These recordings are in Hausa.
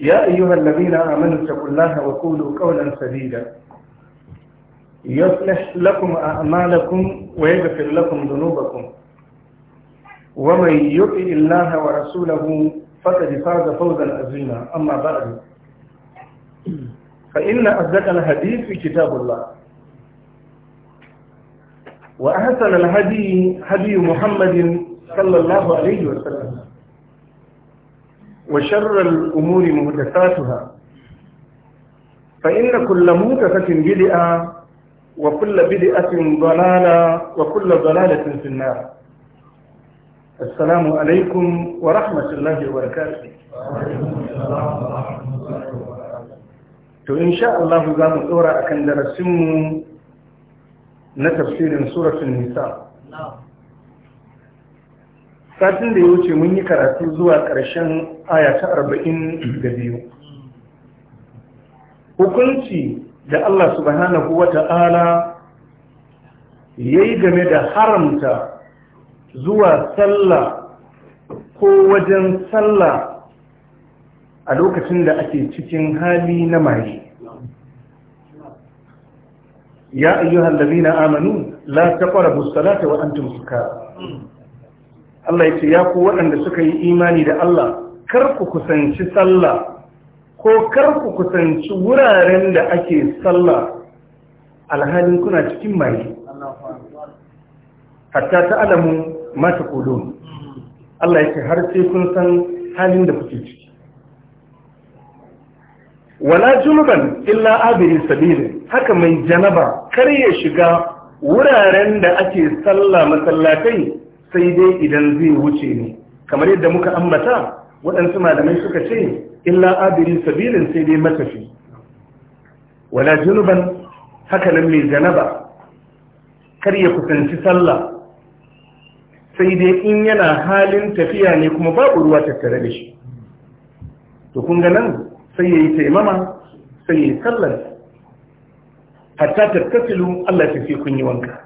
يا أيها الذين آمنوا اتقوا الله وقولوا قولا سديدا يصلح لكم أعمالكم ويغفر لكم ذنوبكم ومن يطع الله ورسوله فقد فاز فوزا عظيما أما بعد فإن أصدق الحديث في كتاب الله وأحسن الهدي هدي محمد صلى الله عليه وسلم وشر الأمور مهدفاتها فإن كل مهدفة بدئة وكل بدئة ضلالة وكل ضلالة في النار السلام عليكم ورحمة الله وبركاته to insha Allah الله mu tsora akan darasinmu na سورة النساء nisa satin da ya wuce mun yi karatu zuwa ƙarshen aya ta arba'in da biyu hukunci da Allah subhanahu wa ta'ala ya yi game da haramta zuwa sallah ko wajen sallah a lokacin da ake cikin hali na maye ya ayyuhal amanu la taqrabu as-salata wa antum sukara Allah ya ce ya ku waɗanda suka yi imani da Allah kar ku kusanci sallah ko kar ku kusanci wuraren da ake sallah alhalin kuna cikin mai hatta ta alamu mata kudu Allah ya ce har sai kun san halin da kuke ciki wala junuban illa abirin sabili haka mai janaba kar ya shiga wuraren da ake sallah masallatai sai dai idan zai wuce ne kamar yadda muka ambata waɗansu malamai suka ce illa abiri sabilin sai dai matafi wala junuban haka nan mai janaba kar ya kusanci sallah sai dai in yana halin tafiya ne kuma babu ruwa tattare da shi to kun ga nan sai ya yi taimama sai ya yi sallar hatta tattasilu Allah tafi kun yi wanka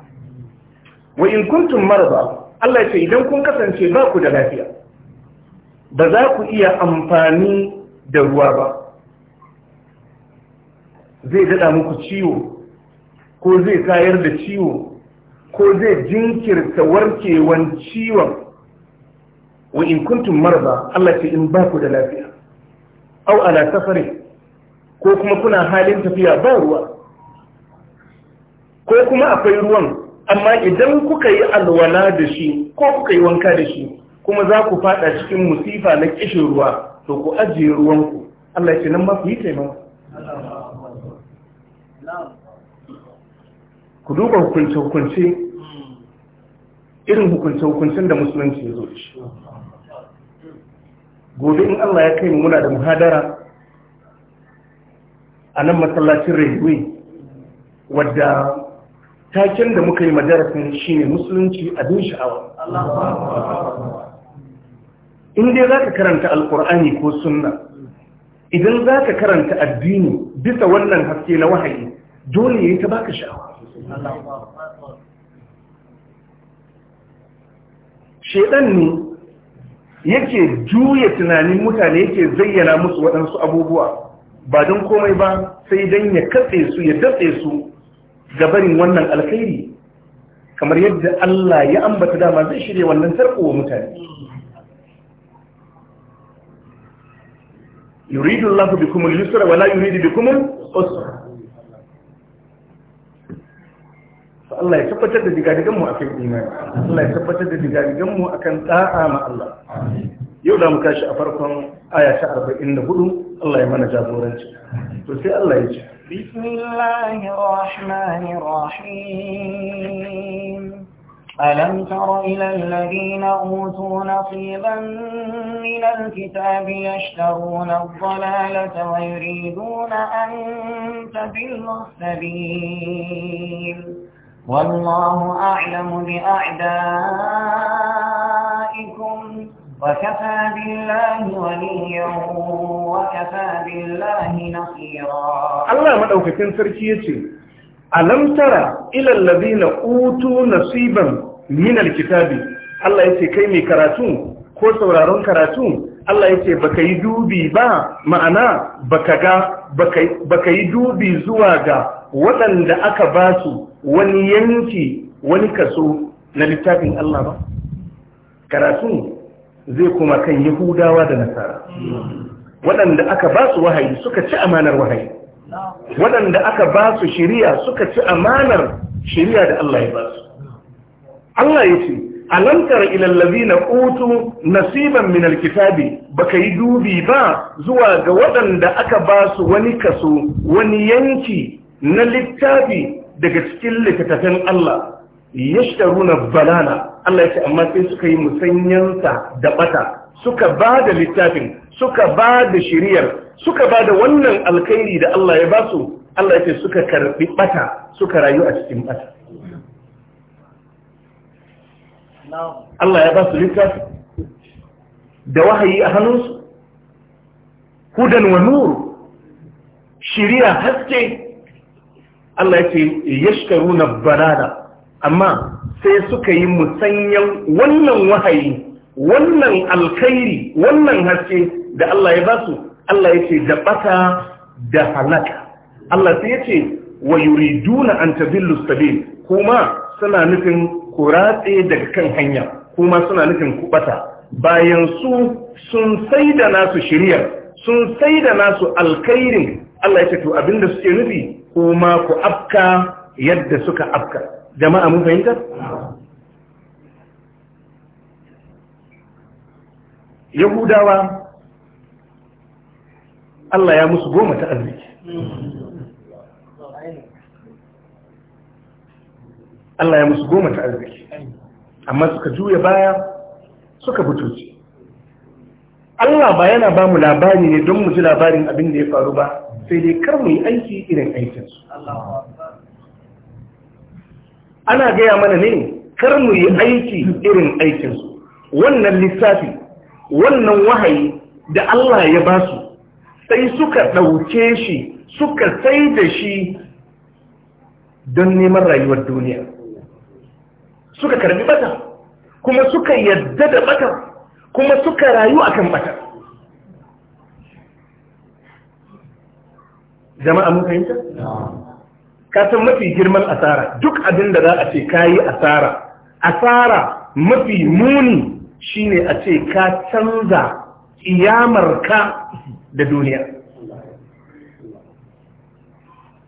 wa in kuntum marada Allah ce idan kun kasance ba ku da lafiya ba za ku iya amfani da ruwa ba zai daɗa muku ciwo ko zai tayar da ciwo ko zai jinkirta warkewan ciwon wa in kuntum marba Allah ce in ba ku da lafiya au ala safari ko kuma kuna halin tafiya ba ruwa ko kuma akwai ruwan amma idan kuka yi alwala da shi ko kuka yi wanka da shi kuma za ku fada cikin musifa na kishin ruwa to ku ajiye ruwanku Allah ya ce nan ma ku yi taimako ku duba hukunce-hukunce irin hukunce-hukuncen da musulunci ya zo shi gobe in Allah ya kai muna da muhadara a nan masallacin rayuwa wadda taken da muka yi madarasin shi ne musulunci abin sha'awa in dai za ka karanta alkur'ani ko sunna idan za ka karanta addini bisa wannan haske na wahayi dole ya yi ta baka sha'awa shaidan ne yake juya tunanin mutane yake zayyana musu waɗansu abubuwa ba don komai ba sai don ya katse su ya datse su Ga barin wannan alkhairi kamar yadda Allah ya ambata dama zai shirya wannan sarko wa mutane yuridu Allah bikum al-yusra wa la yuridu bikum al-usra Allah ya tabbatar da digadigan mu akan imani Allah ya tabbatar da digadigan mu akan da'a ma Allah yau da muka shi a farkon aya ta 44 Allah ya mana jagoranci to sai Allah ya ce بسم الله الرحمن الرحيم ألم تر إلى الذين أوتوا نصيبا من الكتاب يشترون الضلالة ويريدون أن تبلوا السبيل والله أعلم بأعدائهم وكفى بالله وليا وكفى بالله نصيرا الله ما دوكتين سركي يتي ألم ترى إلى الذين أوتوا نصيبا من الكتاب الله يتي kai mai karatu ko sauraron karatu Allah ya ce baka yi dubi ba ma'ana baka ga baka yi dubi zuwa ga waɗanda aka ba su wani yanki wani kaso na littafin Allah ba karatu zai kuma kan yahudawa da nasara waɗanda aka ba su wahayi suka ci amanar wahayi waɗanda aka ba su shiriya suka ci amanar shiriya da Allah ya ba su Allah ya ce alam ilallazi na allazina nasiban min kitabi baka yi dubi ba zuwa ga waɗanda aka ba su wani kaso wani yanki na littafi daga cikin littattafan Allah yashtaruna banana. Allah ya ce amma sai suka yi musanyansa da bata suka ba da littafin suka ba da shiriyar suka ba da wannan alkhairi da Allah ya ba su Allah ya ce suka karɓi bata suka rayu a cikin bata Allah ya ba su littafi da wahayi a hannunsu hudan wa nuru shiriya haske Allah ya ce yashtaruna banana. amma sai suka yi musanyan wannan wahayi wannan alkhairi wannan haske da Allah ya basu Allah ya ce da bata da halaka Allah sai ya ce wa yuriduna an tabillu sabil kuma suna nufin kuratse daga kan hanya kuma suna nufin ku bayan su sun saida nasu shirya. sun saida nasu alkhairin Allah ya ce to abinda suke nufi kuma ku afka yadda suka afka jama'a mun fahimta yahudawa Allah ya musu goma ta arziki Allah ya musu goma ta arziki amma suka juya baya suka butuci Allah ba yana ba mu labari ne don mu ji labarin abin da ya faru ba sai dai kar mu yi aiki irin aikinsu ana gaya mana ne kar mu yi aiki irin aikinsu wannan lissafi wannan wahayi da Allah ya ba su sai suka ɗauke shi suka sai da shi don neman rayuwar duniya suka karbi bata kuma suka yadda da bata kuma suka rayu akan bata jama'a mun fahimta? ka san mafi girman asara duk abin da za a ce kayi asara asara mafi muni shine a ce ka canza iyamarka da duniya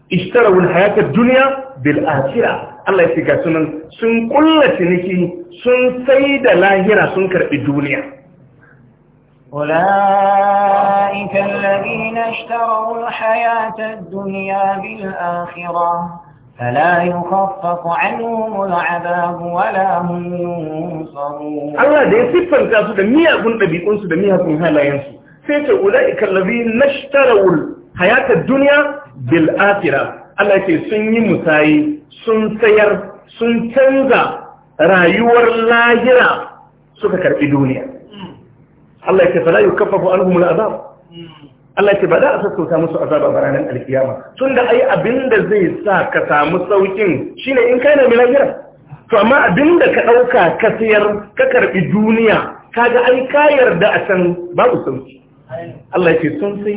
ishtarawu hayatar duniya bil akhirah Allah ya ce ga sunan sun kulla ciniki sun sai da lahira sun karbi duniya أولئك الذين اشتروا الحياة الدنيا بالآخرة فلا يخفف عنهم العذاب ولا هم ينصرون الله دي يصفن كاسو ده مية كن أبي سو ده مية كن هلا ينسو سيتو أولئك الذين اشتروا الحياة الدنيا بالآخرة الله يتي سني مساي سن سير سن تنزا rayuwar lahira suka karɓi duniya الله ya لا يكفف عنهم العذاب Allah ce ba za a sassauta musu azaba a ranar alkiyama tun da ai abinda zai sa ka samu saukin shine in kai na milagira to amma abinda ka dauka ka sayar ka karbi duniya kaga ai ka yarda a can babu sauki Allah ce sun sai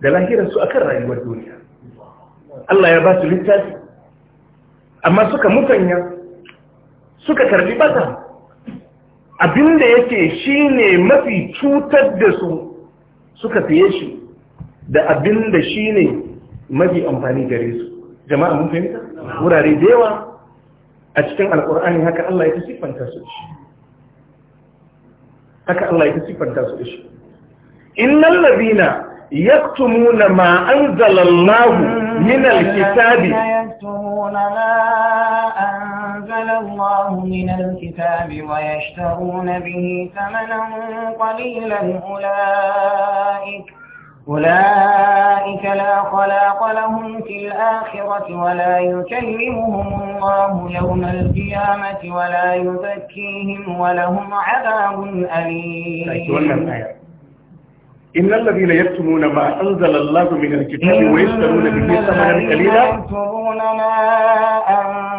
da lahirar su akan rayuwar duniya Allah ya ba su littafi amma suka mutanya suka karbi bata abinda yake shine mafi cutar da su suka fiye shi da abin da shi ne mafi amfani gare su jama'a mun fahimta wurare da yawa a cikin alkur'ani haka Allah ya ta siffanta su shi haka Allah ya ta siffanta su shi innal ladina yaktumuna ma anzalallahu min alkitabi yaktumuna ma الله من الكتاب ويشترون به ثمنا قليلا أولئك أولئك لا خلاق لهم في الآخرة ولا يكلمهم الله يوم القيامة ولا يزكيهم ولهم عذاب أليم إن الذين يكتمون ما أنزل الله من الكتاب ويشترون به ثمنا قليلا يكتمون ما أنزل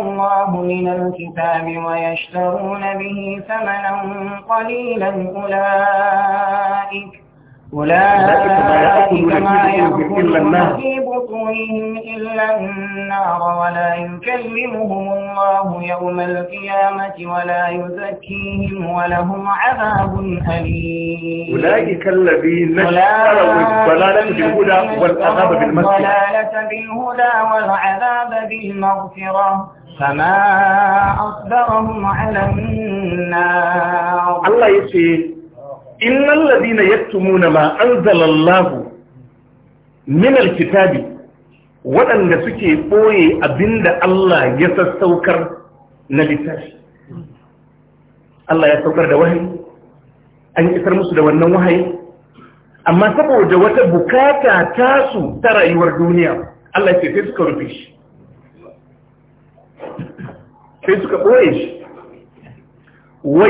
الله من الكتاب ويشترون به ثمنا قليلا أولئك أولئك ما يأكلون في إلا النار ولا يكلمهم الله يوم القيامة ولا يزكيهم ولهم عذاب أليم أولئك الذين اشتروا الضلالة بالهدى والعذاب بالمغفرة الضلالة بالهدى والعذاب بالمغفرة فما أصبرهم على النار الله يسير innal ladina yaktumuna ma anzalallahu minar kitabi, waɗanda suke ɓoye abinda Allah ya sassaukar na littafi Allah ya saukar da wahayi an isar musu da wannan wahayi amma saboda wata bukata tasu ta rayuwar duniya Allah ya ce sai suka rufe shi sai suka ɓoye shi wa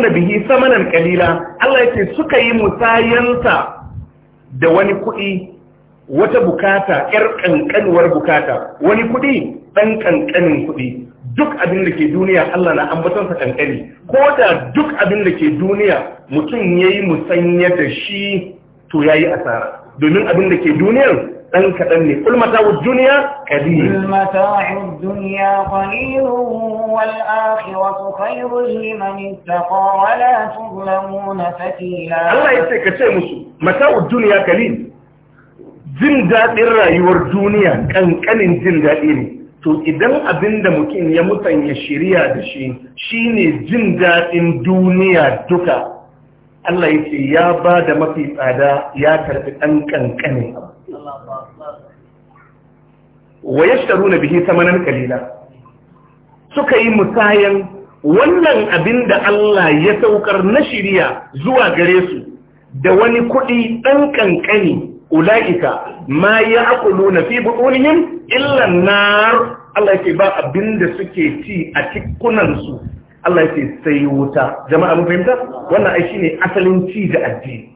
na bihi samanan ƙalila, Allah yake suka yi musayansa da wani kuɗi wata bukata ƴar kankanuwar bukata wani kuɗi ɗan kankanin kuɗi duk abin da ke duniya Allah na ambatonsa kankani ko da duk abin da ke duniya mutum yayi musanya da shi to yayi asara domin abin da ke duniyar Ɗan kaɗan ne kul mata'ud duniya, qalil kul mata'ud dunya qalil wal akhiratu khayrun liman ittaqa wa la tuzlamuna fatila Allah yace ka ce musu Mata mata'ud dunya qalil jin dadin rayuwar duniya ƙanƙanin jin dadi ne to idan abin da mutum ya musanya shiriya da shi shine jin dadin duniya duka Allah yace ya ba da mafi tsada ya karbi ɗan kankanin abu wa ya yashtaruna bihi samanan kalila suka yi musayan wannan abin da Allah ya saukar na shirya zuwa gare su da wani kuɗi ɗan ƙanƙani ula'ika ma ya akulu na fi buɗunin illan nar Allah ke ba abin da suke ci a cikunansu Allah ke sai wuta jama'a mun fahimta wannan ai shine asalin ci da addini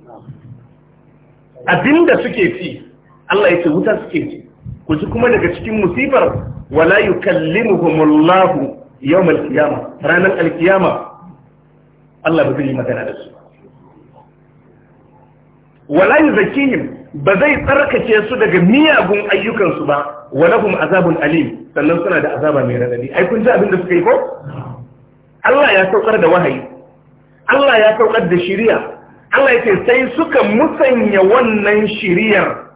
abin da suke ci Allah ya ce wuta suke ci ku ji kuma daga cikin musibar wala yukallimuhumullahu al qiyama ranar al alkiyama Allah ba zai yi magana da su wala yuzakkihim ba zai tsarkake su daga miyagun ayyukansu ba walahum azabun alim sannan suna da azaba mai radadi ai kun ji abin da suka yi ko Allah ya saukar da wahayi Allah ya saukar da shiriya Allah ya ce sai suka musanya wannan shiriyar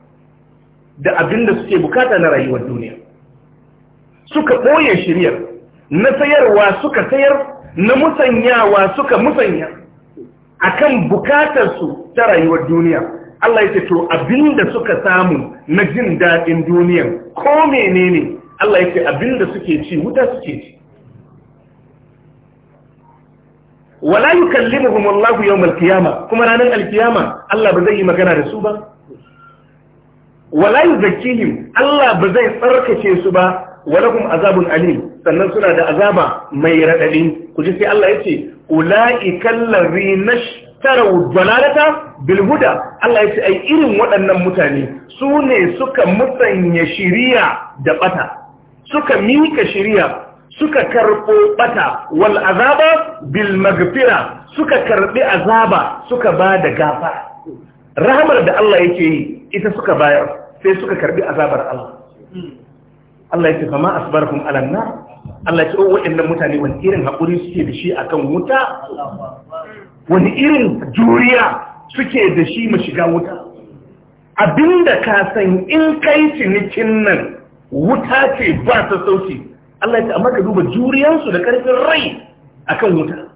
da abin da suke bukata na rayuwar duniya suka ɓoye shiryar na sayarwa suka sayar na musanyawa suka musanya akan bukatarsu ta rayuwar duniya Allah ya to abin da suka samu na jin daɗin duniyan ko menene Allah ya ce abin da suke ci wuta suke ci wala yukallimuhum Allah yawm kuma ranar alkiyama, Allah ba zai yi magana da su ba wala yuzakkihim Allah ba zai tsarkake su ba ولهم azabun Ali, sannan suna da azaba mai raɗaɗi ku ji sai Allah ya ce ula'ikal ladhina ishtaraw dalalata bil huda Allah ya ce ai irin waɗannan mutane su ne suka musanya shiriya da bata suka mika shiriya suka karɓo bata wal azaba bil magfira suka karɓi azaba suka ba da gafa rahamar da Allah yake yi ita suka bayar sai suka karbi azabar Allah Allah ya ce fama asbarakum ala nar Allah ya ce oh, wa'annan mutane wani irin haƙuri suke da shi akan wuta wani irin juriya suke da shi mu shiga wuta abinda ka san in kai cinikin nan wuta ce ba ta sauki Allah ya ce amma ka duba juriyansu da karfin rai akan wuta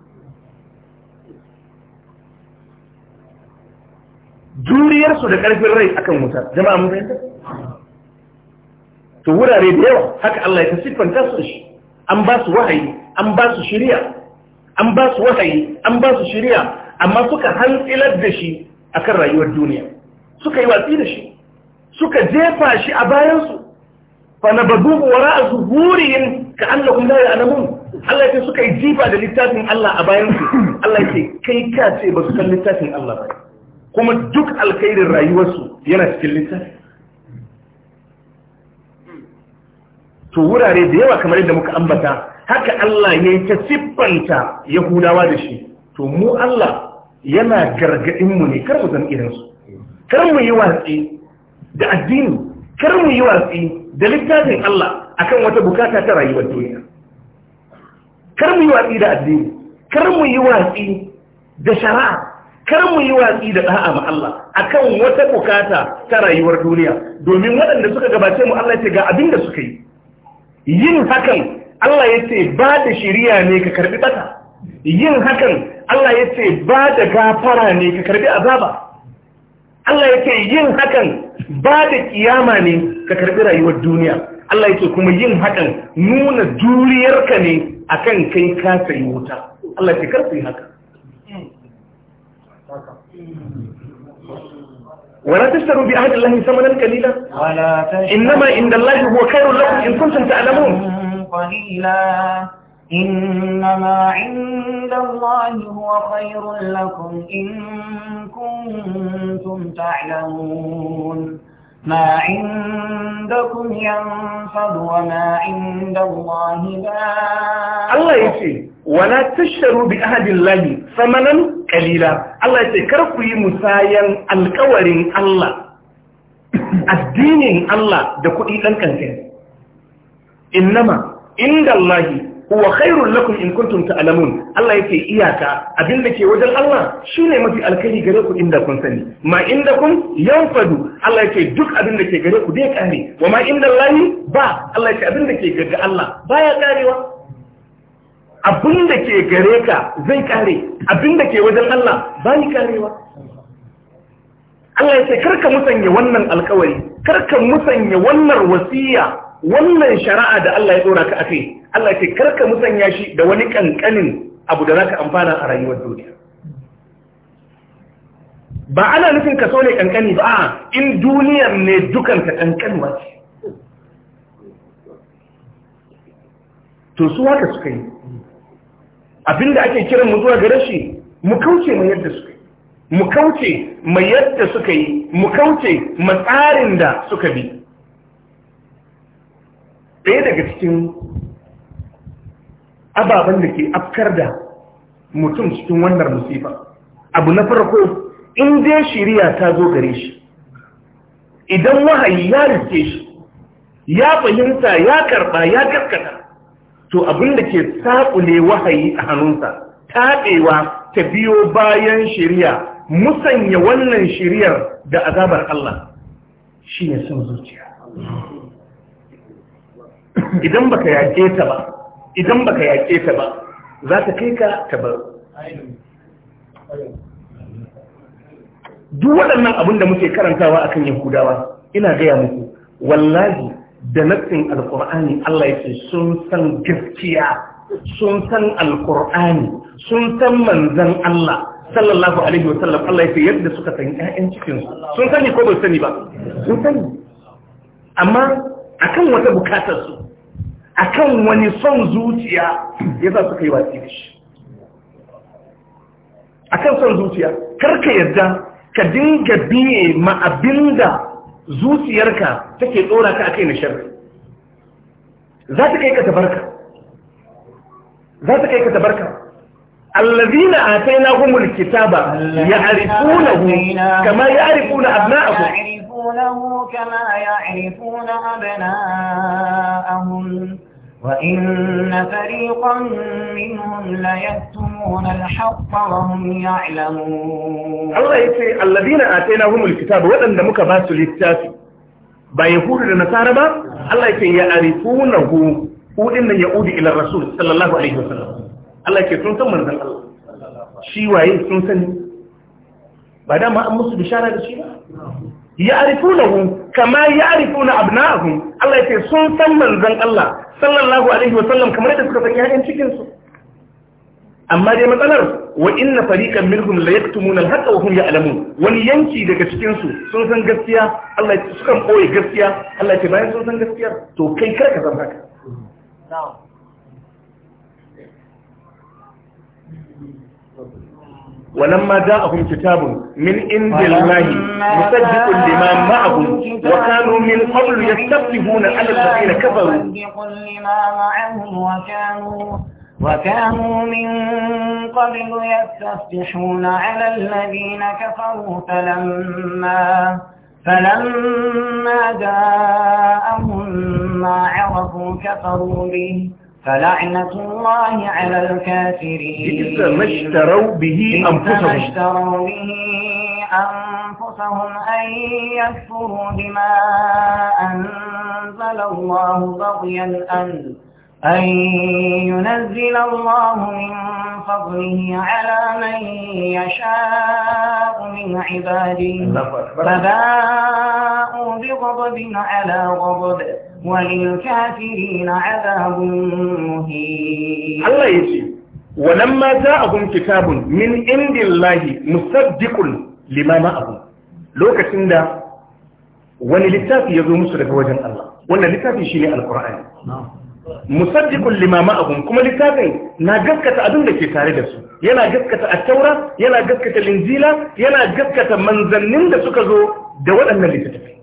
juriyarsu da ƙarfin rai akan wuta jama'a mun fahimta to wurare da yawa haka Allah ya siffanta su shi an ba su wahayi an ba su shari'a an ba su wahayi an ba su shari'a amma suka hantsilar da shi akan rayuwar duniya suka yi watsi da shi suka jefa shi a bayansu fa na babu wara a zuhurihim ka kuma la anamun Allah ya suka yi jifa da littafin Allah a bayansu Allah ya ce kai ka ce ba su san littafin Allah ba kuma duk alkhairin rayuwarsu yana cikin littafi to wurare da yawa kamar yadda muka ambata haka Allah ya yi ta siffanta Yahudawa da shi to mu Allah yana gargaɗinmu ne kar mu zama irinsu kar mu yi watsi da addini kar mu yi watsi da littafin Allah akan wata bukata ta rayuwar duniya kar mu yi watsi da addini kar mu yi watsi da shari'a kar mu yi watsi da da'a ma Allah akan wata bukata ta rayuwar duniya domin waɗanda suka gabace mu Allah ce ga abin da suka yi yin hakan Allah ya ce ba da shiriya ne ka karbi bata yin hakan Allah ya ce ba da gafara ne ka karbi azaba Allah ya ce yin hakan ba da kiyama ne ka karbi rayuwar duniya Allah ya ce kuma yin hakan nuna juriyarka ne akan kai ka sayi wuta Allah ya ce kar su yi haka ولا تشتروا بعهد الله ثمنا قليلا إنما عند الله هو خير لكم إن كنتم تعلمون قليلا إنما عند الله هو خير لكم إن كنتم تعلمون ما عندكم ينفد وما عند الله باق الله يتي ولا تشتروا بأهد الله ثمنا قليلا الله يتي كركوي مسايا الكور الله الدين الله دكوئي لنكن إنما عند الله huwa khairul lakum in kuntum ta'lamun Allah yake iyaka abin da ke wajen Allah shine mafi alkhairi gare ku inda kun sani ma inda kun yanfadu Allah yake duk abin da ke gare ku bai kare wa ma inda Allah ba Allah yake abin da ke gare Allah baya karewa abin da ke gare ka zai kare abin da ke wajen Allah ba ni karewa Allah ya karka musanya wannan alkawari karka musanya wannan wasiya wannan shari'a da Allah ya dora ka akai Allah ya ce karka musanya shi da wani kankanin abu da zaka amfana a rayuwar duniya ba ana nufin ka so ne kankani ba a in duniyar ne dukan ka kankani ba to su haka suka yi abinda ake kiran mu zuwa gare shi mu kauce mu yadda suka yi mu kauce mu yadda suka yi mu kauce matsarin da suka bi ɗaya daga cikin ababen da ke afkar da mutum cikin wannan musifa abu na farko in dai shiriya ta zo gare shi idan wahayi ya rike shi ya fahimta ya karba ya karkata to abin da ke saƙule wahayi a hannunsa taɓewa ta biyo bayan shiriya musanya wannan shiryar da azabar Allah shi ne sun zuciya idan baka yaƙe ta ba idan baka yaƙe ta ba za ta kai ka ta bar duk waɗannan abin da muke karantawa akan yahudawa ina gaya muku wallahi da nassin alkur'ani Allah yake sun san gaskiya sun san alkur'ani sun san manzan Allah sallallahu alaihi wasallam Allah yake yadda suka san ƴaƴan cikin sun sani ko bai sani ba sun sani amma akan wata bukatar su akan wani son zuciya ya za su kai watsi da shi kan son zuciya karka yadda ka dinga biye ma abinda zuciyarka take tsora ka kai na sharri za ta kai ka tabarka za ta kai ka tabarka الذين آتيناهم الكتاب يعرفونه كما يعرفون أبناءهم يعرفونه كما يعرفون أبناءهم وإن فريقا منهم ليكتمون الحق وهم يعلمون الله يقول الذين آتيناهم الكتاب وأن دمك باسوا للتاس بيهود النصارى الله يقول يعرفونه وإن يؤدي إلى الرسول صلى الله عليه وسلم الله ke sun من الله شيوائي shi بعدما أمس بشارة الشيوائي ya'rifunahu kama na abna'ahum Allah ce sun san manzon Allah sallallahu alaihi wasallam kamar da suka sanya yayan cikinsu amma dai matsalar wa inna fariqan minhum la yaktumuna al-haqqa wa hum ya'lamun wani yanki daga cikinsu sun san gaskiya Allah ya sukan boye gaskiya Allah ya bayan sun san gaskiya to kai kar ka zama haka ولما جاءهم كتاب من عند الله مصدق لما معهم وكانوا من قبل يستفتحون على الذين كفروا مصدق لما معهم وكانوا وكانوا من قبل يستفتحون على الذين كفروا فلما فلما جاءهم ما عرفوا كفروا به فلعنة الله على الكافرين بئس ما اشتروا به أنفسهم ما اشتروا به أنفسهم أن يكفروا بما أنزل الله بغيا أن أن ينزل الله من فضله على من يشاء من عباده فباءوا بغضب على غضب وللكافرين عذاب مهين الله يجي ولما جاءهم كتاب من عند الله مصدق لما معهم لو ده wani littafi ya وجه الله daga wajen القرآن نعم musaddiqul limama abun kuma littafin na gaskata abin da ke tare da su yana gaskata at-taura yana gaskata linjila yana gaskata manzannin da suka zo da waɗannan littattafai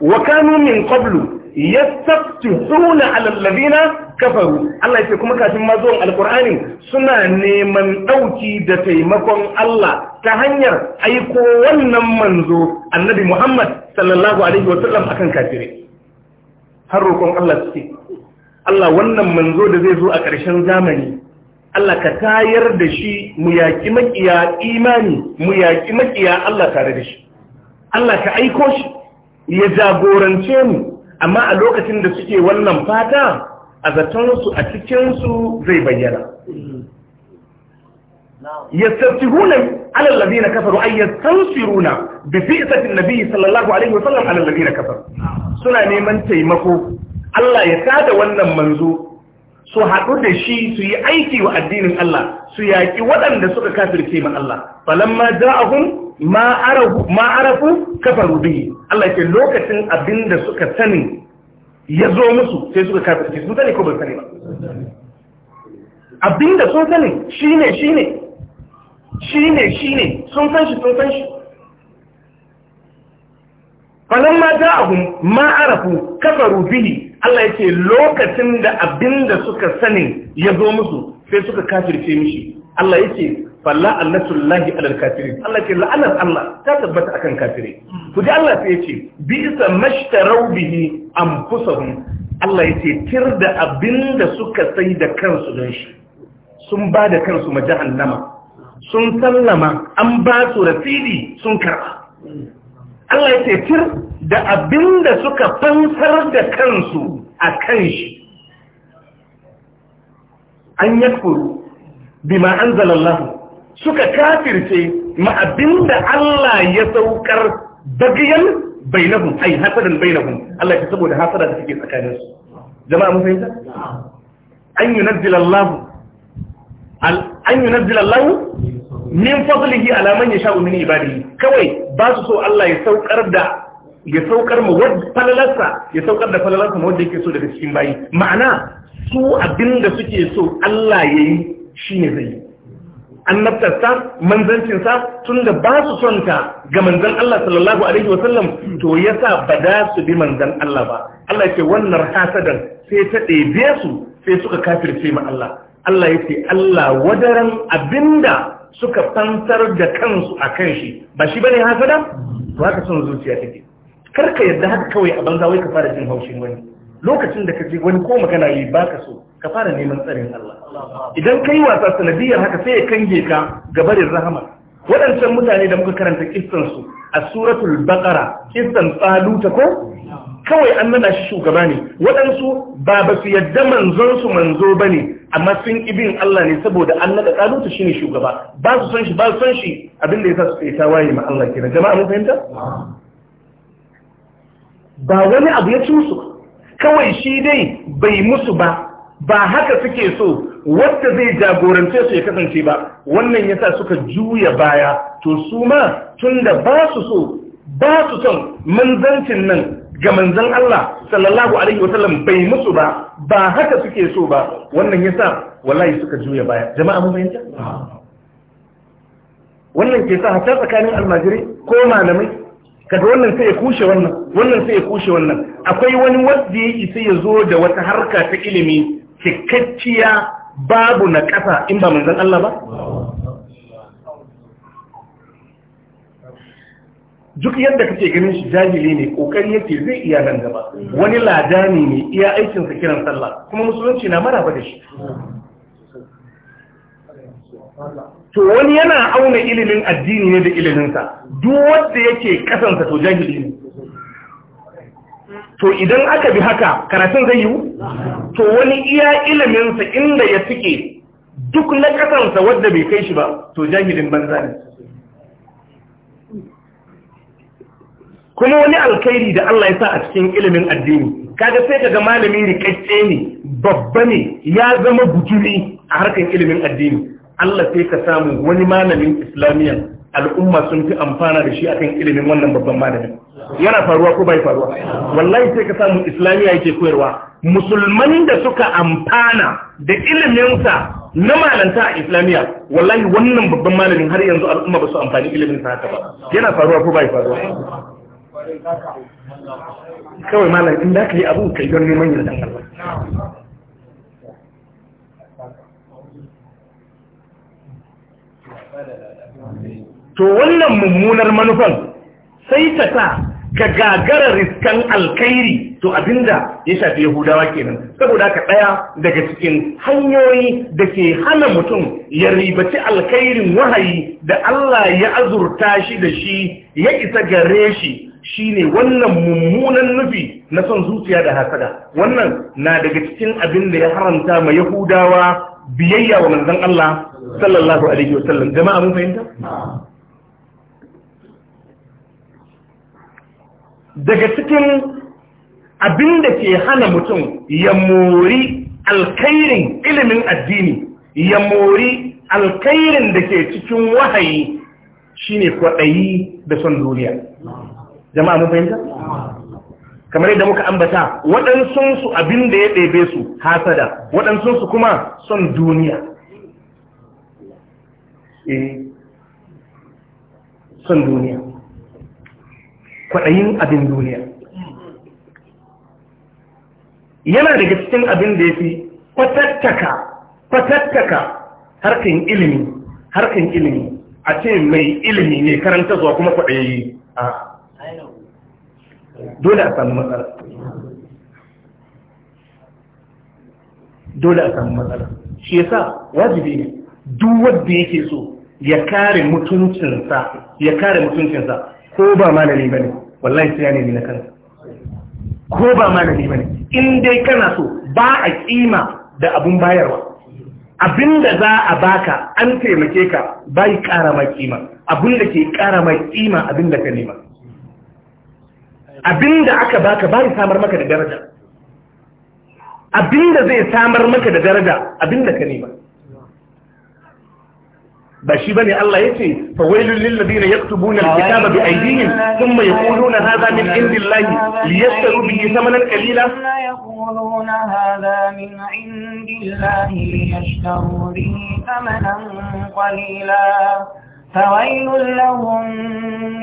wa kanu min qablu yastaftihuna 'ala alladhina kafaru Allah ya kuma kafin ma zuwan alqur'ani suna neman dauki da taimakon Allah ta hanyar aiko wannan manzo annabi Muhammad sallallahu alaihi wasallam akan kafirai har roƙon Allah suke Allah wannan manzo da zai zo a ƙarshen zamani Allah ka tayar da shi mu yaƙi maƙiya imani mu yaƙi maƙiya Allah tare da shi Allah ka aiko shi ya jagorance mu amma a lokacin da suke wannan fata a zaton su a cikinsu zai bayyana يستفتحون على الذين كفروا أي يستنصرون بفئة النبي صلى الله عليه وسلم على الذين كفروا سنة نيمان تيمكو الله يتعد وانا منزو su haɗu da shi su yi aiki wa addinin Allah su yaƙi waɗanda suka kafirce ma Allah falamma ja'ahum ma arafu ma arafu kafaru bihi Allah ke lokacin abinda suka sani ya zo musu sai suka kafirce sani ko ba sani ba abinda sun sani shine shine shi ne shi ne sun san shi sun san shi falon ma za a ma arafu kafaru bihi Allah yake lokacin da abin da suka sanin ya zo musu sai suka kafirce mishi Allah yake falla annatullahi alal kafirin Allah ke la'anar Allah ta tabbata akan kafire ku ji Allah sai ce bi isa mashtarau bihi anfusahum Allah ce tir da abin da suka sai da kansu don shi sun ba da kansu ma jahannama sun sallama an ba su rasidi sun karba Allah ya ce tir da abinda suka fansar da kansu a kan shi an yakuru ma'an anzalallahu suka kafirce ma abinda Allah ya saukar bagiyan bainahum ai na bainahum Allah ya saboda hasarar da suke tsakaninsu jama'a mun fahimta an na Allah an yi nazilallahu min fadlihi ala ya yasha min ibadihi kawai ba su so Allah ya saukar da ya saukar mu wadda falalarsa ya saukar da falalarsa mu yake so daga cikin bayi ma'ana su abinda suke so Allah yayi shine zai yi annabtarsa manzancinsa tun da ba su son ta ga manzan Allah sallallahu alaihi wasallam to yasa ba da su bi manzan Allah ba Allah ce wannan hasadan sai ta ɗebe su sai suka kafirce ma Allah Allah ya ce Allah wadaran abinda suka fantar da kansu a kan shi ba shi bane da? to haka son zuciya take karka yadda haka kawai a banza wai ka fara jin haushin wani lokacin da ka je wani ko magana yi ka so ka fara neman tsarin Allah idan kai wasa sanadiyar haka sai ya kange ka gabarin rahama waɗancan mutane da muka karanta kissan su a suratul baqara kissan tsaluta ko kawai an nana shi shugaba ne waɗansu ba ba su yadda manzonsu manzo ba ne amma sun ibin Allah ne saboda an nada ƙalutu shi ne shugaba ba su son shi ba su son shi abinda ya sa su ta waye ma Allah kenan jama'a mun fahimta ba wani abu ya ci musu kawai shi dai bai musu ba ba haka suke so wanda zai jagorance su ya kasance ba wannan yasa suka juya baya to su ma tunda ba su so ba su son manzancin nan ga manzan Allah sallallahu alaihi wasallam bai musu ba ba haka suke so ba wannan yasa wallahi suka juya baya jama'a mun fahimta wannan ke sa hatta tsakanin almajiri ko malamai kaga wannan sai ya kushe wannan wannan sai ya kushe wannan akwai wani wanda ya isa ya zo da wata harka ta ilimi cikakkiya babu na ƙasa in ba manzan Allah ba duk yadda kake ganin shi jahili ne kokari yake zai iya nan gaba wani ladani ne iya aikin sa kiran sallah kuma musulunci na maraba da shi to wani yana auna ilimin addini ne da ilimin sa duk wanda yake kasansa to jahili ne to idan aka bi haka karatun zai yiwu to wani iya ilimin sa inda ya tike duk na kasansa wanda bai kai shi ba to jahilin banza ne kuma wani alkhairi da Allah ya sa a cikin ilimin addini kaga sai kaga malami rikacce ne babba ne ya zama bujuri a harkar ilimin addini Allah sai ka samu wani malamin islamiyan al'umma sun fi amfana da shi akan ilimin wannan babban malamin yana faruwa ko bai faruwa wallahi sai ka samu islamiya yake koyarwa musulman da suka amfana da iliminsa na malanta a islamiyya wallahi wannan babban malamin har yanzu al'umma ba su amfani ilimin sa haka ba yana faruwa ko bai faruwa kawai malam in da ka yi abu kai don neman yardan Allah to wannan mummunar manufan sai ta sa ka gagara riskan alkairi to abinda ya shafi yahudawa kenan saboda ka ɗaya daga cikin hanyoyi da ke hana mutum ya ribaci alkairin wahayi da Allah ya azurta shi da shi ya isa gare shi Shi ne wannan mummunan nufi na son zuciya da hasada wannan na daga cikin abin da ya haramta ma yahudawa biyayya wa manzon Allah sallallahu alaihi wasallam jama'a mun fahimta daga cikin abin da ke hana mutum ya mori alkhairin ilimin addini ya mori alkhairin da ke cikin wahayi shine kwaɗayi da son duniya jama'a mun fahimta kamar yadda muka ambata su abin da ya ɗebe su hasada su kuma son duniya eh, son duniya kwaɗayin abin duniya yana daga cikin abin da ya fi kwatattaka kwatattaka harkan ilimi harkan ilimi a ce mai ilimi ne karanta zuwa kuma kwaɗayi a dole a samu matsala dole a samu matsala shi yasa wajibi ne duk wanda yake so ya kare mutuncinsa ya kare mutuncinsa ko ba malami bane wallahi sai ya nemi na kansa ko ba malami bane in dai kana so ba a kima da abun bayarwa abinda za a baka an taimake ka bai kara ma kima abinda ke kara ma kima abinda ka nema abinda aka baka ba samar maka da daraja abinda zai samar maka da daraja abinda ka nema ba shi bane Allah yace fa wailul lil ladina yaktubuna alkitaba bi aydihim thumma yaquluna hadha min indillahi liyashtaru bihi thamanan qalila يقولون هذا من عند الله ليشتروا به ثمنا قليلا فويل لهم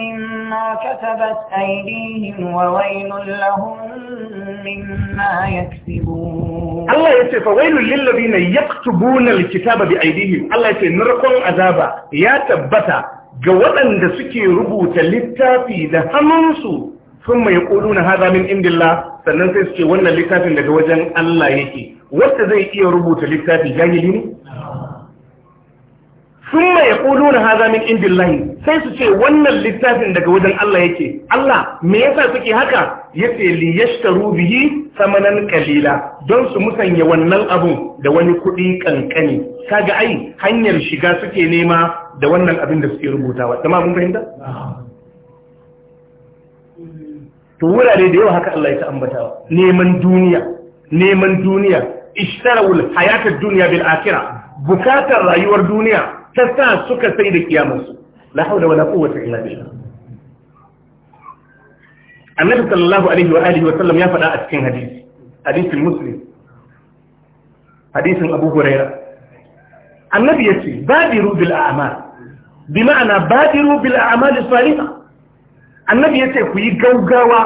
مما كتبت أيديهم وويل لهم مما يكسبون الله يسي فويل للذين يكتبون الكتاب بأيديهم الله يسي نرقل عذابا يا تبتا جوالن da suke rubuta littafi da hannunsu sun mai ƙuluna haza min sannan sai suke wannan littafin daga wajen Allah yake wacce zai iya rubuta littafi jahili ne sun mai na haza min indillahi sai su ce wannan littafin daga wajen Allah yake Allah me yasa suke haka Ya li yashtaru bihi samanan kalila don su musanya wannan abun da wani kuɗi kankani kaga ai hanyar shiga suke nema da wannan abin da suke rubutawa kuma mun fahimta to wurare da yawa haka Allah ya ta ambata neman duniya neman duniya ishtarawul hayatad dunya bil akhirah bukatar rayuwar duniya ta sa suka sai da kiyamarsu la haula wala quwwata illa billah annabi sallallahu alaihi wa alihi wa sallam ya faɗa a cikin hadisi hadisin muslim hadisin abu huraira annabi yace badiru bil a'mal bi ma'ana badiru bil a'mal salihah annabi yace ku yi gaugawa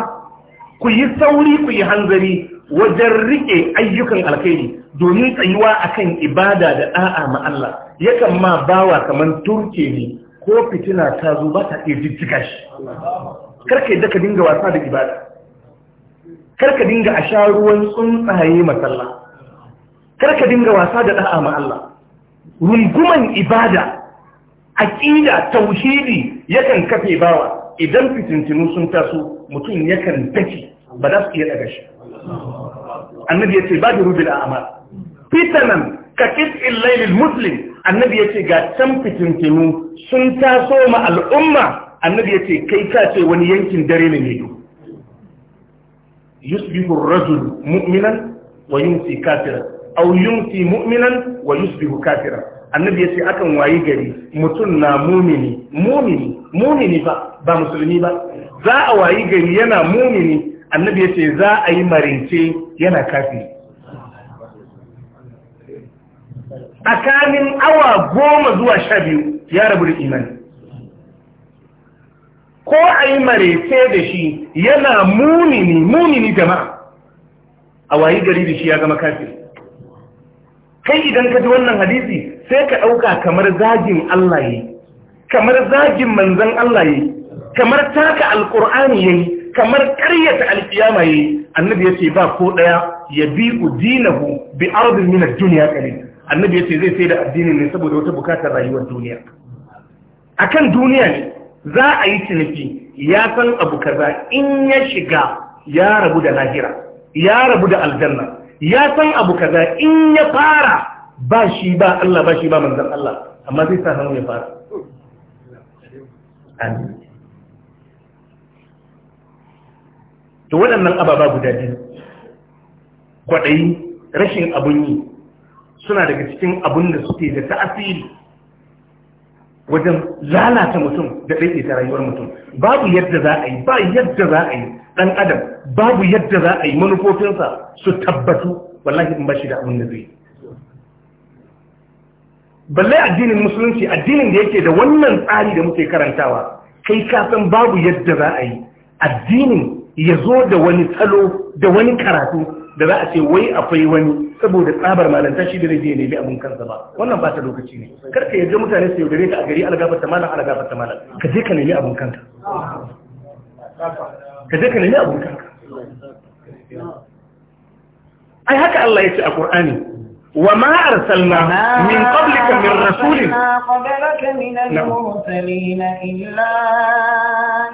ku yi sauri ku yi hanzari wajen riƙe ayyukan alkhairi domin tsayuwa akan ibada da da'a ma Allah yakan ma bawa kamar turke ne ko fitina ta zo ba ta iya jijjiga shi karka yadda ka dinga wasa da ibada karka dinga a sha ruwan tsuntsaye masalla karka dinga wasa da da'a ma Allah runguman ibada aƙida taushiri yakan kafe bawa idan fitintinu sun taso mutum yakan dake ba za su iya daga shi annabi yace da bil a'mal fitanan ka qit'il laylil muslim annabi yace ga can fitintinu sun taso ma al'umma annabi yace kai ka ce wani yankin dare ne ne yusbihu rajul mu'minan wa yunsi kafira aw yunsi mu'minan wa yusbihu kafira annabi yace akan wayi gari mutum na mumini mumini mumini ba ba musulmi ba za a wayi gari yana mumini annabi ya ce za a yi marince yana kafi tsakanin awa goma zuwa sha biyu ya rabu da imani ko a yi marece da shi yana munini munini jama'a a wayi gari da shi ya zama kafi kai idan ka ji wannan hadisi sai ka ɗauka kamar zagin Allah yi kamar zagin manzan Allah yi kamar taka alƙur'ani yayi kamar karyata alkiyama yi annabi yace ba ko daya ya bi ku bi ardin min ad-dunya qalil annabi yace zai sai da addinin ne saboda wata bukatar rayuwar duniya akan duniya ne za a yi ciniki ya san abu kaza in ya shiga ya rabu da lahira ya rabu da aljanna ya san abu kaza in ya fara ba shi ba Allah ba shi ba manzon Allah amma zai sa hannu ya fara to waɗannan ababa guda biyu kwaɗayi rashin abun yi suna daga cikin abun da suke da ta'asiri wajen lalata mutum da ta rayuwar mutum babu yadda za a yi ba yadda za a yi ɗan adam babu yadda za a yi manufofinsa su tabbatu wallahi in ba shi da abun da zai balle addinin musulunci addinin da yake da wannan tsari da muke karantawa kai ka san babu yadda za a yi addinin ya zo da wani salo da wani karatu da za a ce wai akwai wani saboda tsabar malanta shi da zai ya nemi abin kansa ba wannan ba ta lokaci ne kar ka yarda mutane su yaudare ka a gari algabar ta malam algabar ta malam ka je ka nemi abin kanka ka je ka nemi abin kanka ai haka Allah ya ce a Qur'ani وما أرسلنا من min من رسول min من المرسلين إلا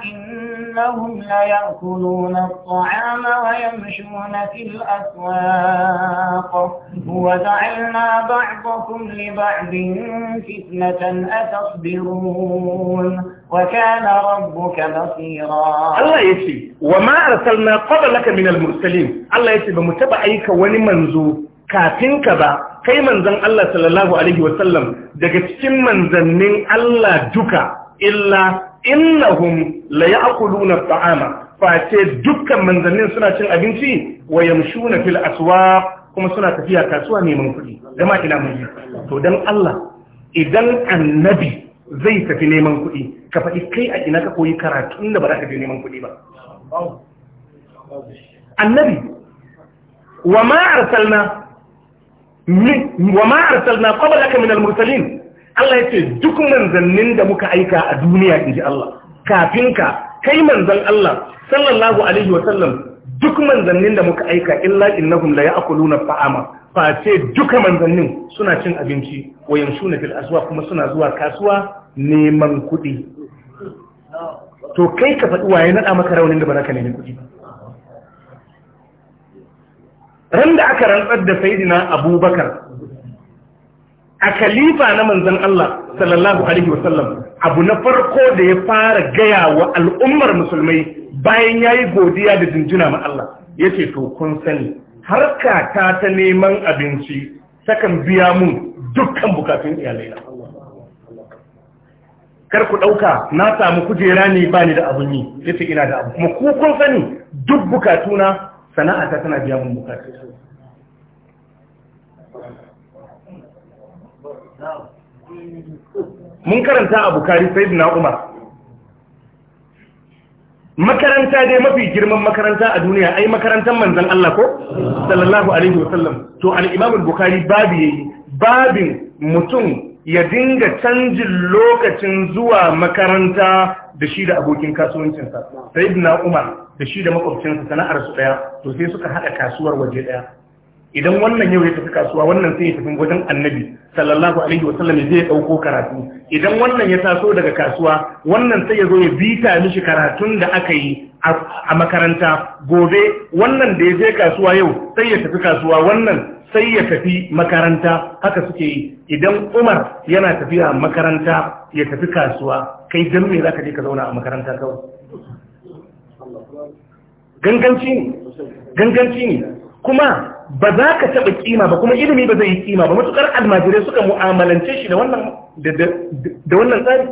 إن إنهم ليأكلون الطعام ويمشون في الأسواق وجعلنا بعضكم لبعض فتنة أتصبرون وكان ربك بصيرا الله يسي وما أرسلنا قبلك من المرسلين الله يسي بمتبع أيك ونمنزو كاتنك با kai الله صلى الله عليه وسلم daga cikin من الله جكا إلا إنهم la ya'kuluna ta'ama face dukkan manzannin suna cin abinci wa yamshuna fil aswaq kuma suna tafiya kasuwa neman kuɗi zama ina mun to dan Allah idan annabi zai tafi neman kuɗi ka faɗi kai a ina ka koyi karatun da ba za ka je neman kuɗi ba annabi wa ma arsalna wa ma arsalna qablaka min al-mursalin Allah yace duk manzannin da muka aika a duniya inji Allah kafin ka kai manzon Allah sallallahu alaihi wasallam duk manzannin da muka aika illa innahum la ya'kuluna ta'ama face duka manzannin suna cin abinci wayan suna fil aswa kuma suna zuwa kasuwa neman kuɗi to kai ka faɗi waye nada maka raunin da ba za ka nemi kuɗi ran da aka rantsar da sayidina abubakar a kalifa na manzan Allah sallallahu alaihi wasallam abu na farko da ya fara gaya wa al'ummar musulmai bayan ya yi godiya da jinjina ma Allah ya ce to kun sani harka ta ta neman abinci takan biya mun dukkan bukatun iyalaina kar ku ɗauka na samu kujera ne ba ni da abin yi ya ce ina da abu kuma ku kun sani duk bukatuna ta tana biya mun bukatun mun karanta a bukari sai na umar makaranta dai mafi girman makaranta a duniya ai makarantar manzan Allah ko sallallahu alaihi wasallam to al-imam al-bukhari babu yayi babin mutum ya dinga canjin lokacin zuwa makaranta da shi da abokin kasuwancinsa Sai umar da shi da makwabcinsa sana'ar su daya to sai suka haɗa kasuwar waje daya idan wannan yau ya tafi kasuwa wannan sai ya tafi wajen annabi sallallahu alaihi wa sallam zai dauko karatu idan wannan ya taso daga kasuwa wannan sai ya zo ya bita mishi karatun da aka yi a makaranta gobe wannan da ya je kasuwa yau sai ya tafi kasuwa wannan sai ya tafi makaranta haka suke yi idan Umar yana tafiya makaranta ya tafi kasuwa kai dan me zaka je ka zauna a makaranta kawai ganganci ne ganganci ne kuma ba za ka taɓa kima ba kuma ilimi ba zai yi kima ba matuƙar almajirai suka mu'amalance shi da wannan tsari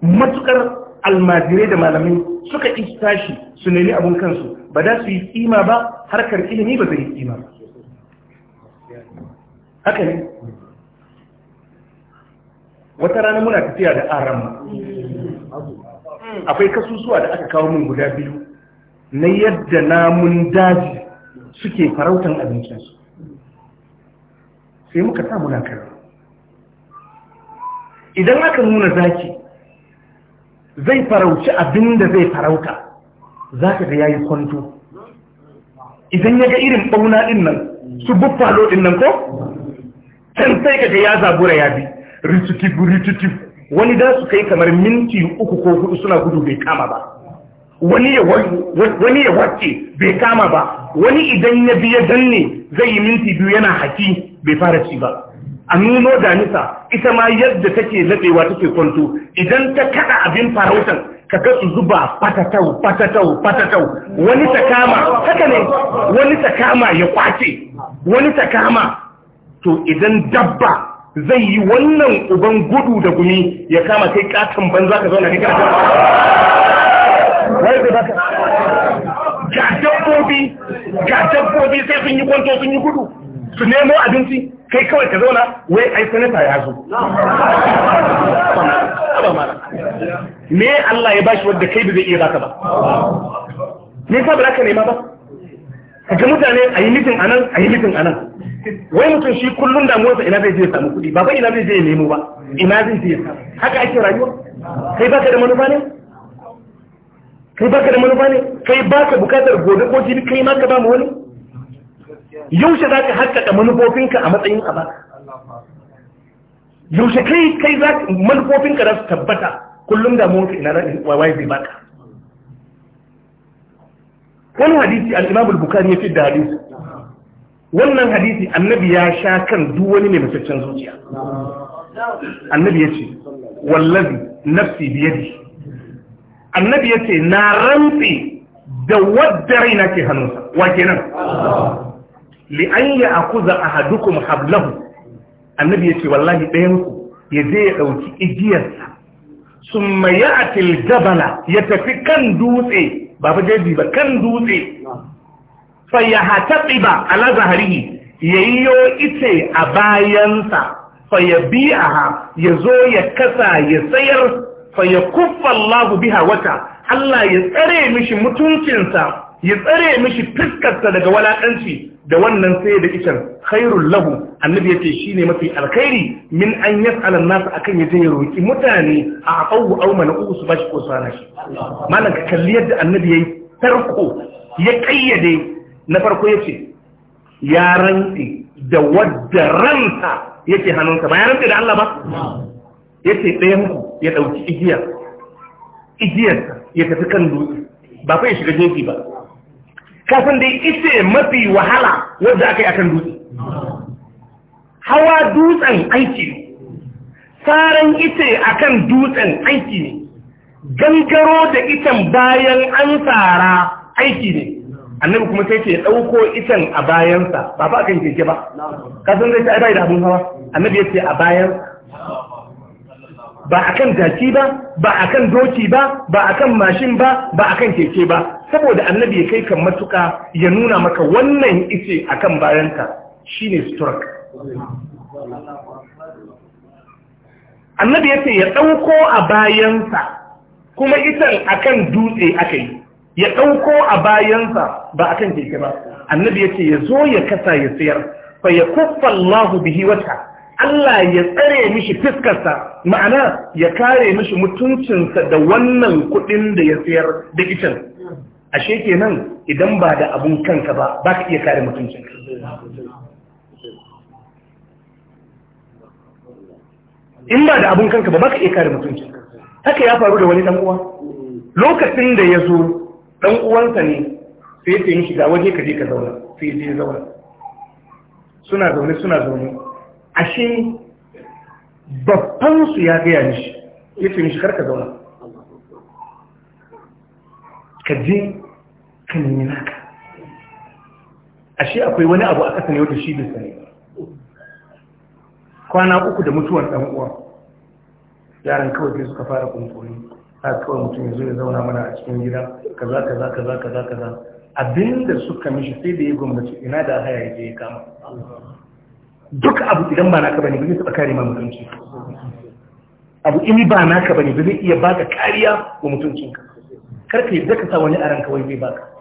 matuƙar almajirai da malamai suka isa shi su nemi abin kansu ba za su yi kima ba harkar ilimi ba zai yi kima ba haka ne wata rana muna tafiya da aramma. akwai kasusuwa da aka kawo min guda biyu na yadda namun daji suke farautan abincinsu sai muka samu muna idan aka nuna zaki zai farauci abin da zai farauta za ka ya yayi kwanto idan ya ga irin ɓauna ɗin nan su buffalo ɗin nan ko can sai ka ga ya zabura ya bi rituki ritutif wani da su kai kamar minti uku ko hudu suna gudu bai kama ba wani ya wacce bai kama ba wani idan ya biya danne zai yi minti biyu yana haki bai fara ci ba a nuno da nisa ita ma yadda take latsewa take kwanto idan ta kada abin farautan ka ga su zuba patatau patatau patatau wani ta kama haka ne wani ta kama ya kwace wani ta kama to idan dabba zai yi wannan uban gudu da gumi ya kama kai katon banza ka zauna kai katon zai ga dabbobi ga dabbobi sai sun yi kwanto sun yi gudu su nemo abinci kai kawai ka zauna wai ai sanata ya zo me Allah ya bashi wadda kai da zai iya baka ba me yasa ba za ka nema ba kaga mutane a yi mitin a nan a yi mitin a nan wai mutum shi kullum motsa ina zai je samu kuɗi ba ba ina zai je nemo ba ina zai je haka ake rayuwa kai baka da manufa ne kai baka da manufa ne kai baka bukatar gobe ko jibi kai ma ka ba mu wani yaushe za ka haƙƙaƙa manufofinka a matsayin a ba yaushe kai kai za manufofinka za su tabbata kullum da motsa ina zai waye zai baka wani hadisi al-imam al-bukhari ya da hadisi wannan hadisi annabi ya sha kan duk wani mai mutaccen zuciya annabi ya ce wallazi nafsi biyadi annabi ya ce na rantsi da wadda raina ke hannunsa wa kenan li an ya akuza ahadukum hablahu annabi ya ce wallahi ɗayanku ya je ya ɗauki igiyarsa summa ya'til jabala ya tafi kan dutse ba fa jeji ba kan dutse fa ya hatabi ba ala zaharihi yayyo ice a bayansa fa ya bi'aha ya zo ya kasa ya sayar fa ya kuffa Allah biha wata Allah ya tsare mishi mutuncinsa ya tsare mishi fiskarsa daga walaƙanci. da wannan sai da ican khairul lahu annabi yace shine mafi alkhairi min an yas'ala an-nas akan yaje ya roki mutane a aqawu aw man'u su bashi ko sana shi malan ka kalli yadda annabi yayi farko ya kayyade na farko yace ya rantsi da wadda ranta yake hannunsa ba ya rantsi da Allah ba yace ɗayan ku ya dauki igiya igiyarsa ya tafi kan dutse ba fa ya shiga jeji ba Kafin da ita mafi wahala wadda aka yi akan dutse hawa dutsen aiki ne tsarin ita akan dutsen aiki ne gangaro da itan bayan an tsara aiki ne annabi kuma sai ce ɗauko itan a bayansa ba ba kan keke ba kafin zai ta bai da abin hawa annabi ya ce a bayansa ba akan jaki ba ba akan doki ba ba akan mashin ba ba akan keke ba saboda annabi ya kai kan matuka ya nuna maka wannan ice bayanta shi shine suturak annabi ya ce ya ɗauko a bayansa kuma itan akan dutse aka yi ya ɗauko a bayansa ba a kan keke ba annabi ya ce ya zo ya kasa ya sayar fa ya kuffa Allahu bihi wata Allah ya tsare mishi fiskarsa ma'ana ya kare mishi mutuncinsa da wannan kuɗin da ya sayar da itan ashe kenan idan ba da abun kanka ba ba ka iya kare mutuncin in ba da abun kanka ba ba ka iya kare mutuncin haka ya faru da wani ɗan’uwa uwa lokacin da ya zo ɗan’uwansa uwansa ne sai ta yi shiga waje ka je ka zauna sai ya je zauna suna zaune suna zaune ashe babban su ya gaya mishi ya ce mishi karka zauna ka je ka nemi naka ashe akwai wani abu a kasa ne wata shi da sani kwana uku da mutuwan ɗan uwa yaran kawai sai suka fara kunkuri a kawai mutum ya zo ya zauna mana a cikin gida kaza kaza kaza kaza kaza abinda suka mishi sai da ya gwamnati ina da haya ya je ya kama duk abu idan ba naka bane ba zai taɓa kare ma mutunci abu in ba naka bane ba zai iya baka kariya wa mutuncinka kar ka yadda ka sa wani aran kawai zai baka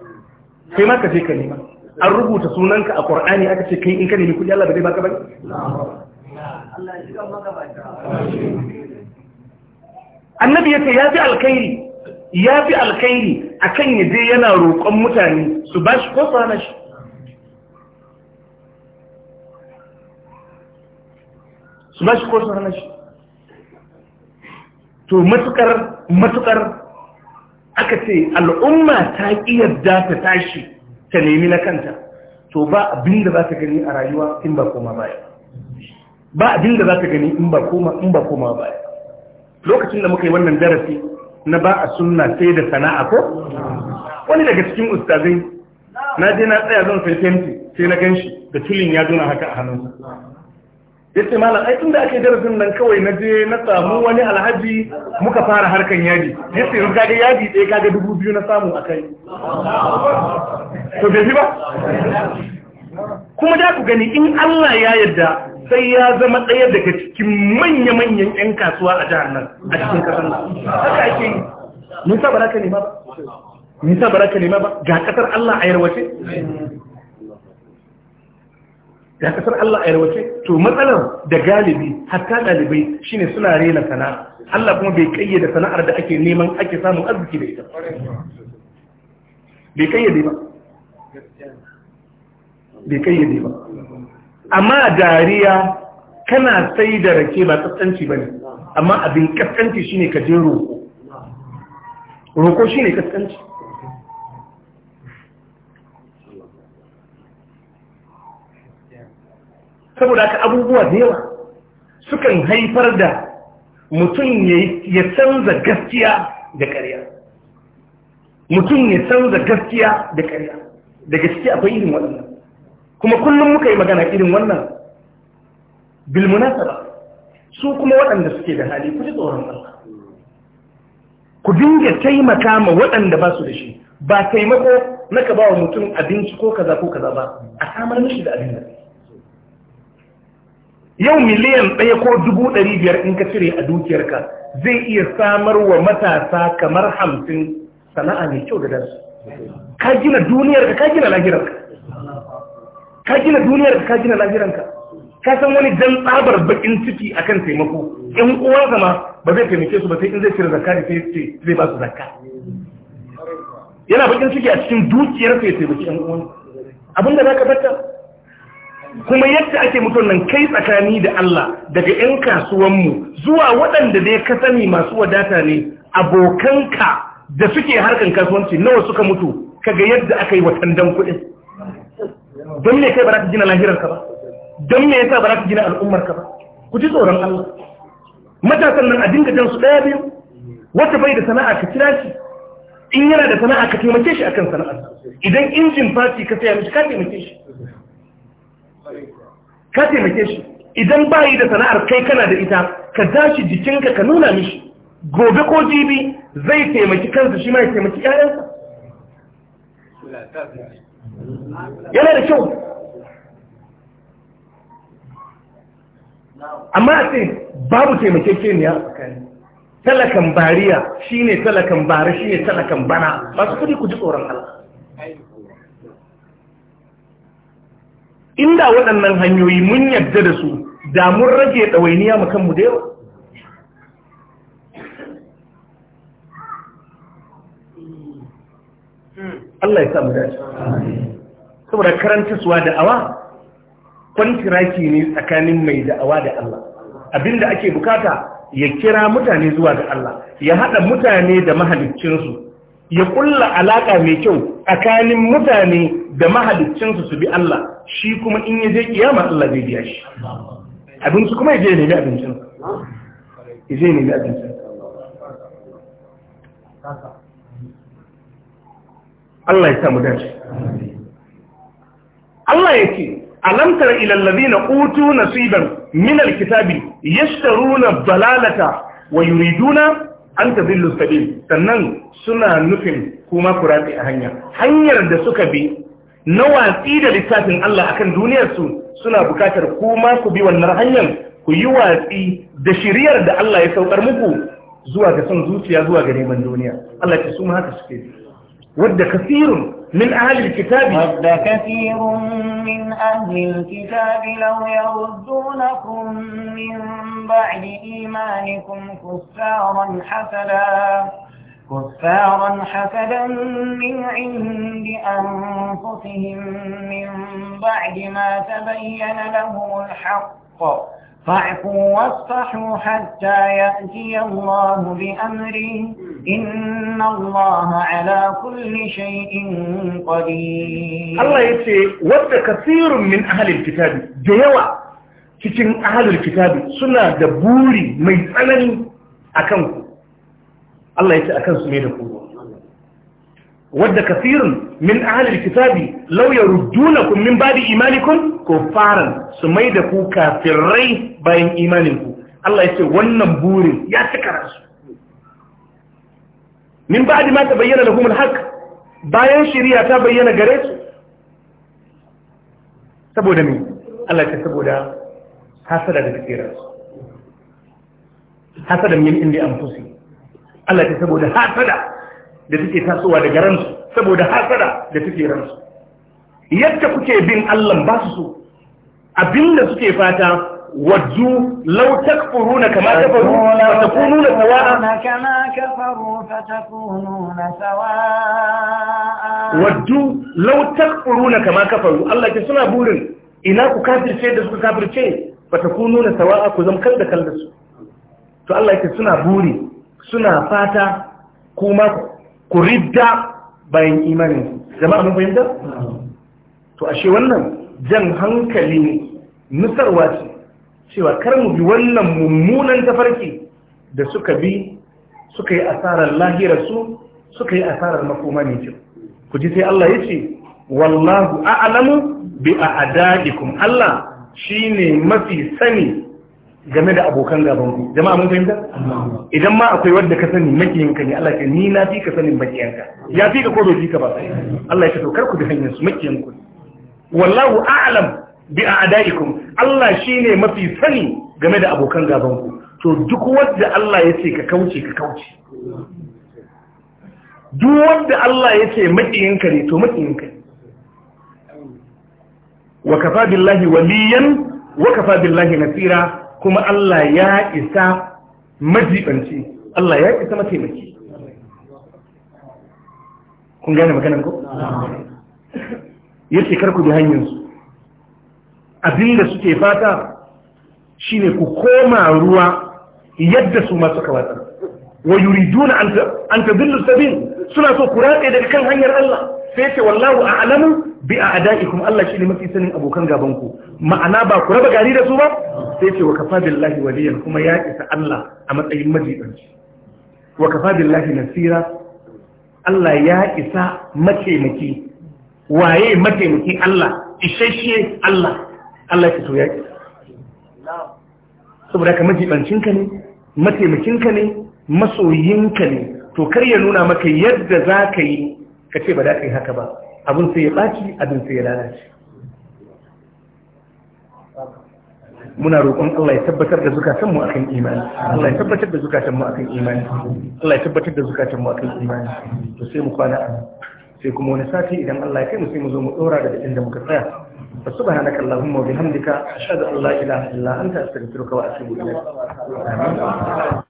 Sai ma ka je ka nema an rubuta sunanka a ƙwar'ani aka ce kai in ka nemi kudi Allah ba zai baka bane annabi ce ya fi alkairi ya fi alkhairi akan ya je yana roƙon mutane su ba shi ko sana shi su ba shi ko sana shi to matukar matukar aka ce al'umma ta ƙi yadda ta tashi ta nemi na kanta to ba abin da za ta gani a rayuwa in ba koma baya ba abin da za ta gani in ba koma in ba koma baya lokacin da muka yi wannan darasi na ba a sunna sai da sana'a ko wani daga cikin ustazai na je na tsaya zan sai fenti sai na ganshi da tulin ya zo na haka a hannunsa ya ce malam ai inda ake darasin nan kawai na je na samu wani alhaji muka fara harkan yadi ya ce yanzu kaga yadi ɗaya kaga dubu biyu na samu a kai to bai fi ba kuma da ku gani in Allah ya yarda sai ya zama ɗaya daga cikin manya-manyan 'yan kasuwa a jihar nan a cikin kasar nan haka ake yi nisa ba za ka nema ba nisa ba za ka nema ba ga kasar Allah a yarwace ga kasar Allah a rawace? to matsalar da galibi hatta dalibai shine suna rena sana'a Allah kuma bai kayyade sana'ar da ake neman ake samun arziki da ita bai kayyade ba bai kayyade ba amma dariya kana sai da rake ba kaskanci bane amma abin kaskanci shine ka je roko roko shine kaskanci saboda aka abubuwa da yawa sukan haifar da mutum ya canza gaskiya da ƙarya mutum ya canza gaskiya da ƙarya da gaskiya akwai irin wannan kuma kullum muka yi magana irin wannan bilmunasaba su kuma waɗanda suke da hali ku ji tsoron Allah ku dinga taimaka ma waɗanda ba su da shi ba taimako na ka ba wa mutum abinci ko kaza ko kaza ba a samar mishi da abin da yau miliyan ɗaya ko dubu ɗari biyar in ka cire a dukiyarka zai iya samar wa matasa kamar hamsin sana'a mai kyau da dansu ka gina duniyarka ka gina lahirarka ka gina duniyarka ka gina lahiranka ka san wani dan tsabar bakin ciki akan taimako in uwa zama ba zai taimake su ba sai in zai cire zakka da sai zai ba su zakka yana bakin ciki a cikin dukiyar ya taimaki yan uwan abinda ka bata kuma yadda ake mutum nan kai tsakani da Allah daga 'yan kasuwanmu zuwa waɗanda dai ka sani masu wadata ne abokanka da suke harkar kasuwanci nawa suka mutu kaga yadda aka yi watandan kuɗin don me kai ba za ka gina lahirarka ba don me yasa ba za ka gina al'ummarka ba ku ji tsoron Allah matasan nan a dinga jan su ɗaya biyu wata bai da sana'a ka kira shi in yana da sana'a ka taimake shi akan sana'ar idan injin fati ka saya mishi ka taimake shi ka taimake shi idan bayi da sana'ar kai kana da ita ka tashi jikinka ka nuna mishi gobe ko jibi zai taimaki kansa shi ma ya taimaki 'ya'yansa yana da kyau amma a ce babu ya talakan bariya shine talakan bari shine talakan bana masu kudi ku ji tsoron Allah inda waɗannan hanyoyi mun yadda da su da mun rage ɗawainiya mu kanmu da yawa Allah ya sa mu dace saboda karanta suwa da awa kwantiraki ne tsakanin mai da'awa da Allah abinda ake bukata ya kira mutane zuwa da Allah ya haɗa mutane da mahaliccinsu ya kulla alaƙa mai kyau tsakanin mutane da mahaliccinsu su bi Allah shi kuma in ya je kiyama Allah zai biya shi abinci kuma ya nemi abincin ya nemi abincin Allah ya samu dace Allah ya ce alam tara ila alladhina utu nasiban min alkitabi yashtaruna dalalata wa yuriduna an ta zillu sabil sannan suna nufin kuma ku ratse a hanya hanyar da suka bi na watsi da littafin Allah akan duniyarsu suna bukatar kuma ku bi wannan hanyar ku yi watsi da shiriyar da Allah ya saukar muku zuwa ga son zuciya zuwa ga neman duniya Allah ta su haka suke ود كثير من أهل الكتاب ود كثير من أهل الكتاب لو يردونكم من بعد إيمانكم كفارا حسدا كفارا حسدا من عند أنفسهم من بعد ما تبين لهم الحق فاعفوا واصفحوا حتى يأتي الله بأمره إن الله على كل شيء قدير الله يتي ود كثير من أهل الكتاب جيوة cikin ahalul kitabi suna da buri mai tsanani a kanku Allah ya ce a kansu ne da ku wadda kasirin min ahalil kitabi law yaruddunakum min ba'di ko faran su mai da ku kafirai bayan imaninku Allah ya ce wannan burin ya cika rasu min ba'di ma tabayyana lahum alhaq bayan shari'a ta bayyana gare su saboda me Allah ya saboda hasada da kafira hasada min indi anfusi Allah ya saboda hasada da suke tasowa daga ransu saboda hasara da suke ransu yadda kuke bin Allah ba su so abinda suke fata waddu law takfuruna kama kafaru fa takununa sawa'a kama kafaru fa takununa sawa'a waddu law takfuruna kama kafaru Allah ke suna burin ina ku kafirce da suka kafirce fa takununa sawa'a ku zam kan da kan da su to Allah ke suna buri suna fata kuma ku ridda bayan imanin jama'a mun fahimta to ashe wannan jan hankali ne nusarwa ce cewa kar mu bi wannan mummunan tafarki da suka bi suka yi asarar lahirarsu suka yi asarar makoma ne kyau ku ji sai Allah ya ce wallahu a'lamu bi a'dadikum Allah shine mafi sani game da abokan gaban ku jama'a mun fahimta idan ma akwai wanda ka sani makiyinka ne Allah ya ni na fi ka sanin makiyanka ya fi ka ko bai fi ka ba Allah ya ce to kar ku bi hanyar su makiyanku wallahu a'lam bi a'daikum Allah shine mafi sani game da abokan gaban ku to duk wanda Allah ya ce ka kauce ka kauce duk wanda Allah ya ce makiyinka ne to makiyinka ne wa kafa billahi waliyan wa kafa billahi nasira kuma Allah ya isa majibanci Allah ya isa mataimaki kun gane maganan ko yace kar ku bi hanyar su abinda suke fata shine ku koma ruwa yadda su ma suka wata wa yuriduna an tadillu sabin suna so ku rataye daga kan hanyar Allah sai ce wallahu a'lamu bi a ada'ikum Allah shi ne mafi sanin abokan gabanku, ma'ana ba ku raba gari da su ba sai ce wa kafa billahi waliyan kuma ya isa Allah a matsayin majidanci wa kafa billahi nasira Allah ya isa mataimaki waye mataimaki Allah isasshe Allah Allah ya to ya isa saboda ka majibancinka ne mataimakinka ne masoyinka ne to kar ya nuna maka yadda za ka yi ka ce ba da ka yi haka ba abin sai ya ɓaci abin sai ya lalace muna roƙon Allah ya tabbatar da zukatanmu akan imani Allah ya tabbatar da zukatanmu akan imani Allah ya tabbatar da zukatanmu akan imani to sai mu kwana anan sai kuma wani sati idan Allah ya kai mu sai mu zo mu dora daga inda muka tsaya subhanaka allahumma wa bihamdika ashhadu an la ilaha illa anta astaghfiruka wa atubu ilaik